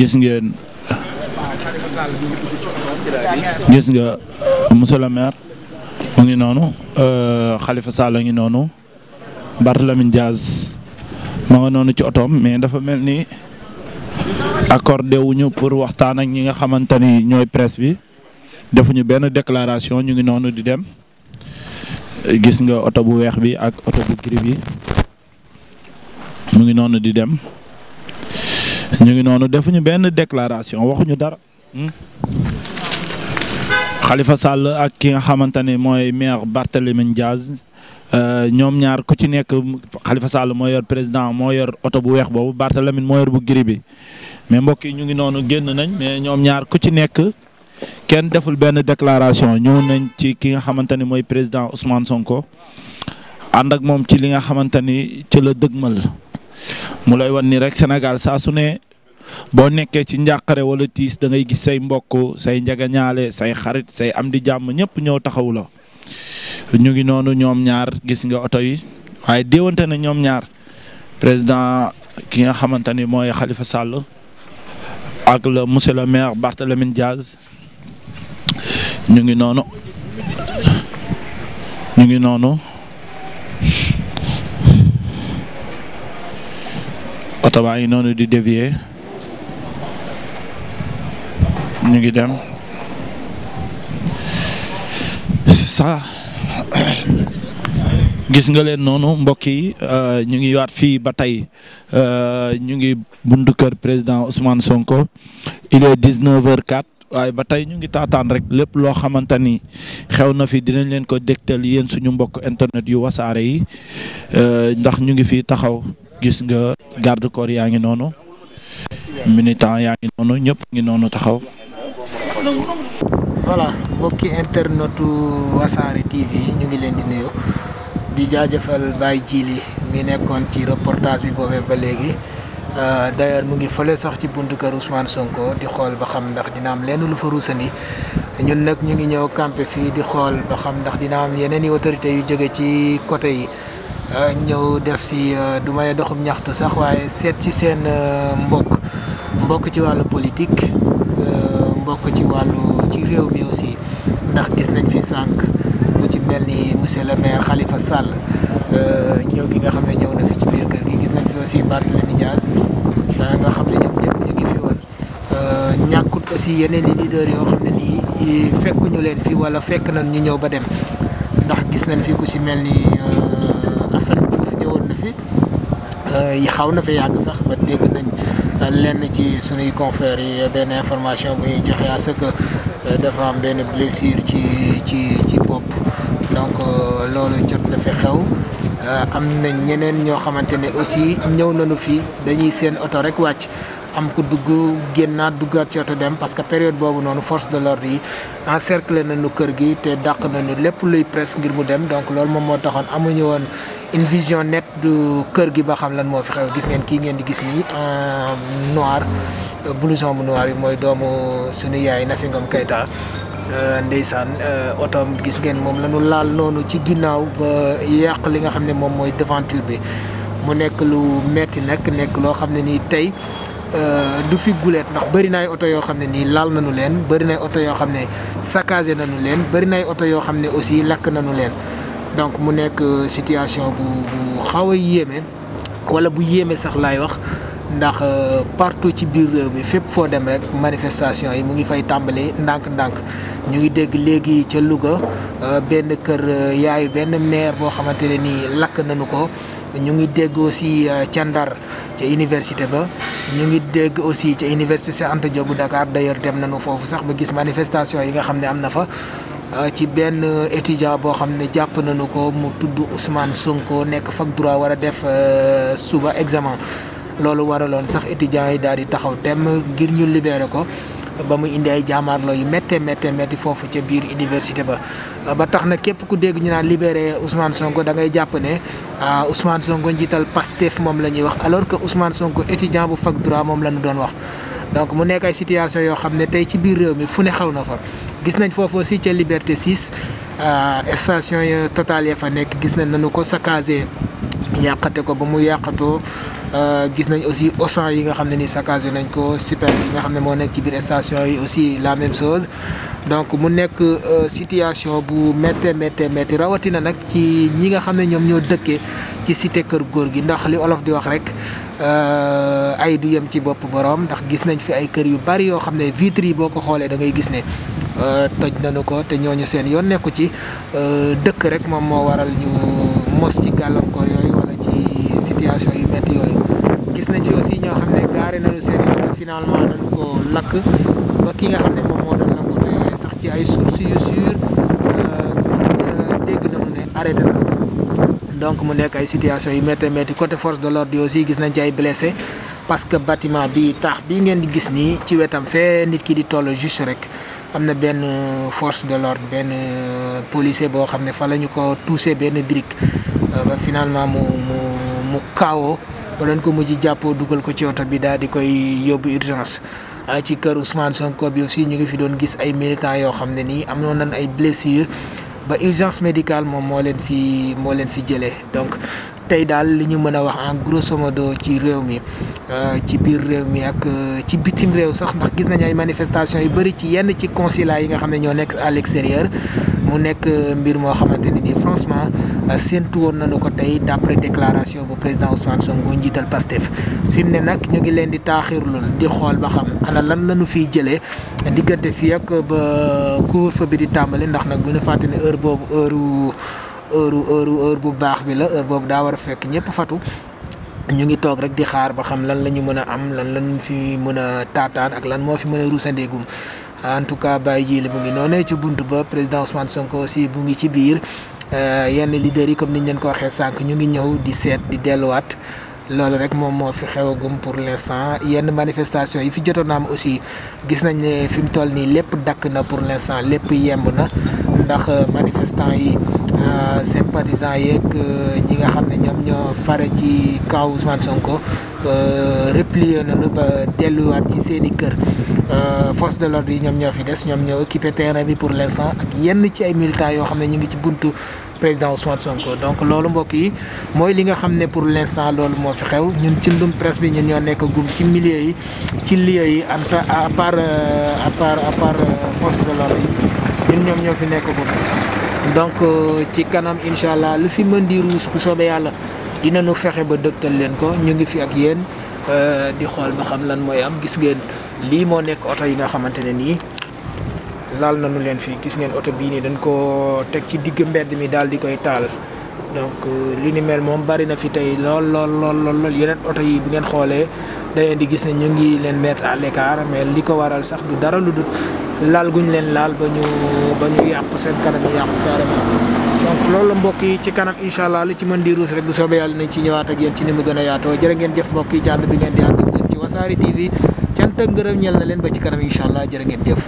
gis ngeen gis nga monsieur le maire mu ngi noonu eh, Khalifa Sall ngi noonu Barthélémy Diaz ma nga noonu ci otoom mais dafa mel ni accordé wuñu pour waxtaan ak ñi nga ni presse bi defuñu benn déclaration ñu ngi noonu di dem gis nga oto bu bi ak bu gris bi ngi di dem ñu ngi noonu defuñu benn déclaration waxuñu dara. Hmm? Khalifa Sall ak ki nga xamante ne mooy maire Barthélémy Diaz euh, ñoom ñaar ku ci nekk Khalifa Sall moo yor président moo yor oto bu weex boobu Barthélémy moo yor bu gris bi mais mbokk yi ñu ngi noonu génn nañ mais ñoom ñaar ku ci nekk. kenn deful benn déclaration ñëw nañ ci ki nga xamante ni mooy président Ousmane Sonko ànd ak moom ci li nga xamante ni ci la dëgmal mu lay wan ni rek Sénégal saa su boo nekkee ci njàqare wala tiis da ngay gis say mbokk say njagañaale say xarit say am di jàmm ñépp ñëw taxawu ñu ngi noonu ñoom ñaar gis nga oto yi waaye déewante na ñoom ñaar président ki nga xamante ni mooy xalifa Sall ak le monsieur le maire Barthélémy Diaz ñu ngi noonu ñu ngi noonu oto baa ngi noonu di dévier Ya euh, ñu ngi dem ça gis nga len nonu mbok yi ñu ngi waat fi batay euh, ñu ngi buntu keur président Ousmane Sonko il est 19h04 waaye batay ñu ngi tatane rek lepp lo xamantani xew na fi dinañ len ko dektal yeen suñu mbok internet yu wasare yi euh, ndax ñu ngi fi taxaw gis nga garde corps yaangi nonu militant yaangi ngi ñepp ngi nonu taxaw. voilà mbokki internetu wasaare TV ñu ngi leen di nuyu di jaajëfal Baye Djily mi nekkoon ci reportage bi boobee ba léegi euh, d'ailleurs mu ngi fole sax ci buntu kër Ousmane Sonko di xool ba xam ndax dina am lenn lu fa ruusani ñun nag ñu ngi ñëw campé fii di xool ba xam ndax dina am yeneen i autorité yu jege ci côté yi. Euh, ñëw def si euh, du may doxum ñaxtu sax waaye seet ci seen mbokk mbokk ci wàllu politique bokk ci wàllu ci réew mi aussi ndax gis nañ fi sànq bu ci mel ni monsieur le maire Khalifa Sall euh, ñëw gi nga xam ne ñëw na fi ci biir kër gi gis nañ fi aussi Barthélémy Dias euh, nga xam ne ñoom ñëpp ñu ngi fi euh, yeneen i yoo xam ne nii fekkuñu leen fi wala fekk nañ ñu ñëw ba dem ndax gis nañ fi ku ci mel ni Assane Diouf ñëwoon na fi xaw na fa yàgg sax ba dégg nañ. lenn ci suñuy confrères yi benn information bu ñuy joxe à ce que euh, dafa am benn blessure ci ci ci bopp donc euh, loolu jot na fi xew euh, am na ñeneen ñoo xamante ne aussi ñëw nañu fii dañuy seen oto rek wàcc am ku dugg génnaat duggaat ci oto dem parce que période boobu noonu force de l'ordre yi na nañu kër gi te dàq nañu lépp luy presse ngir mu dem donc loolu moom moo taxoon amuñu woon une vision nette du kër gi ba xam lan moo fi xew gis ngeen kii ngeen di gis nii en noir euh, blouson bu noir yi mooy doomu suñu yaay Nafi Ngom Keïta euh, ndeysaan euh, otoom gis ngeen moom lañu laal noonu ci ginnaaw ba yàq li nga xam ne moom mooy devanture bi mu nekk lu metti nag nekk loo xam ne nii tey Euh, du fi goulet ndax bari nay auto yo xamné ni lal nañu len bari nay auto yo xamné xam nañu len bari nay auto yo xamné aussi lak nañu len donc mu nek euh, situation bu bu xaw a wala bu yéeme sax lay wax ndax euh, partout ci biir réew mi fep fo dem rek manifestation yi mu ngi fay tambalé ndank ndank ñu ngi dégg léegi ca Louga benn kër yaay benn maire boo xamante ni lakk nañu ko. ñu ngi dégg aussi euh, ca Ndar ca université ba ñu ngi dégg aussi ca université Cheikh Anta Diop bu Dakar d'ailleurs dem nañu foofu sax ba gis manifestation yi nga xam ne am na fa euh, ci benn euh, étudiant boo xam ne jàpp nañu ko mu tudd Ousmane Sonko nekk fac droit war a def suba examen loolu waraloon sax étudiants yi daal di taxaw tem ngir ñu libeere ko ba mu indi ay jaamaarloo yu méttee méttee foofu ca biir université ba ba tax na képp ku dégg ñu naan libéré Ousmane Sonko da ngay jàpp ne ah, Ousmane Sonko njiital Pastef moom la ñuy wax alors que Ousmane Sonko étudiant bu fac droit moom la ñu doon wax. donc mu nekk ay situation yoo xam ne tey ci biir réew mi fu ne xaw na fa gis nañ foofu aussi ca Liberté 6 ah, station Total ya fa nekk gis na nañu ko saccagé yàqate ko ba mu yàqatoo. Euh, gis nañ aussi Auchan yi nga xamné ni nii saccagé nañ ko super yi nga xamné mo nek ci biir station yi aussi la même chose donc mu nek euh, situation bu metté metté metté rawatina nak ci ñi nga xamné ñom ñoo dëkkee ci cité keur góor gi ndax li olof di wax rek euh ay du yem ci bop borom ndax gis nañ fi ay kër yu bari yo xamné ne boko xolé da ngay gis ne euh, toj nañu ko té ñoñu seen yoon nekku ci euh dëkk rek mom mo waral ñu mos ci gàllam na nañu seen yoon finalement dañ ko lakk ba ki nga xam ne mo moo doon lakk te sax ci ay source yu sûr euh dégg na mu ne arrêté na donc mu nekk ay situation yu métti metti côté force de l'ordre yi aussi gis nañ ci ay blessé parce que bâtiment bi tax bi ngeen di gis ni ci wétam fé nit ki di toll juste rek amna ben eh, force de l'ordre ben eh, policier bo xam fa lañu ko tousser ben brique eh, ba finalement mu mu mu kawo ba doon ko mujj jàpp dugal ko ci oto bi dal di koy yóbbu urgence ah, ci keur Ousmane Sonko bi aussi ñu ngi fi doon gis ay militants yo xamné ni nii nan ay blessures ba urgence médicale mom mo leen fi mo leen fi jëlee donc tay dal li ñu mëna wax en grosso modo ci réew mi ah, ci biir réew mi ak ah, ci bitim réew sax ndax gis nañ ay manifestations yu bari ci yenn ci consulat yi nga xamné ne ñoo nekk à l'extérieur mu nekk mbir moo xamanteni ni franchement euh, séntu woon nañu ko tey d' après déclaration bu président Ousmane Sonko njiital Pastef fi mu ne nag ñu ngi leen di taaxirlul di xool ba xam ana lan lañu ñu fiy jëlee diggante fii ak ba couvre-feu bi di tàmbali ndax nag bu ñu fàtte ne heure boobu heure heure heure heure bu baax bi la heure boobu daa war a fekk ñëpp fatu. ñu ngi toog rek di xaar ba xam lan lañu mën a am lan lañ fi mën a taataan ak lan moo fi mën a ruusandeegum en tout cas Baye Djily mu ngi noonee ci bunt ba président Ousmane Sonko aussi bu ngi ci biir euh, yenn leaders yi comme niñ leen ko waxee sànq ñu ngi ñëw di seet di delluwaat. loolu rek moom moo fi xew a xewagum pour l'instant yenn manifestation yi fi jotoon am aussi gis nañ ne fi mu toll nii lépp dakk na pour l'instant lépp yemb na ndax euh, manifestant yi euh, sympathisant yeeg euh, ñi nga xam ne ñoom ñoo fare ci kaw ko Sonko replié nañu ba delluwaat ci seen i kër force de l'ordre yi ñoom ñoo fi des ñoom ñoo occupé terrain bi pour l'instant ak yenn ci ay militants yoo xam ne ñu ngi ci buntu président Ousmane Sonko donc loolu mbokk yi mooy li nga xam ne pour l'instant loolu moo fi xew ñun ci ndum presse bi ñun ñoo nekk gum ci milieu yi ci lieu yi euh, à part à part à euh, force de l'ordre yi ñun ñoom ñoo fi nekk gum donc euh, ci kanam incha allah lu fi mën di ruus bu soobee yàlla dinañu fexe ba dëgtal leen ko ñu ngi fi ak yéen di xool ba xam lan mooy am gis ngeen lii moo nekk oto yi nga xamante ne nii lal nañu len fi gis ngeen auto bi ni dañ ko tek ci digg mbedd mi dal di koy tal donc li ni mel mom bari na fi tay lol lol lol lol lool yeneen yi bu ngeen xolé da ngeen di gis ne ñu ngi len mettre à l'écart mais liko waral sax du dara lu dul laal guñ len lal ba ñu ba ñu yàq seen kanam yàq carrément donc loolu mbokk yi ci kanam inshallah li ci mën di ruus rek bu soobee yalla nañ ci ñëwaat ak yeen ci ni mu gën a ngeen jëf mbokk yi jaar bi ngeen di ak ci wasari tv ci tan ngeureum ñal na len ba ci kanam inshallah jere ngeen jëf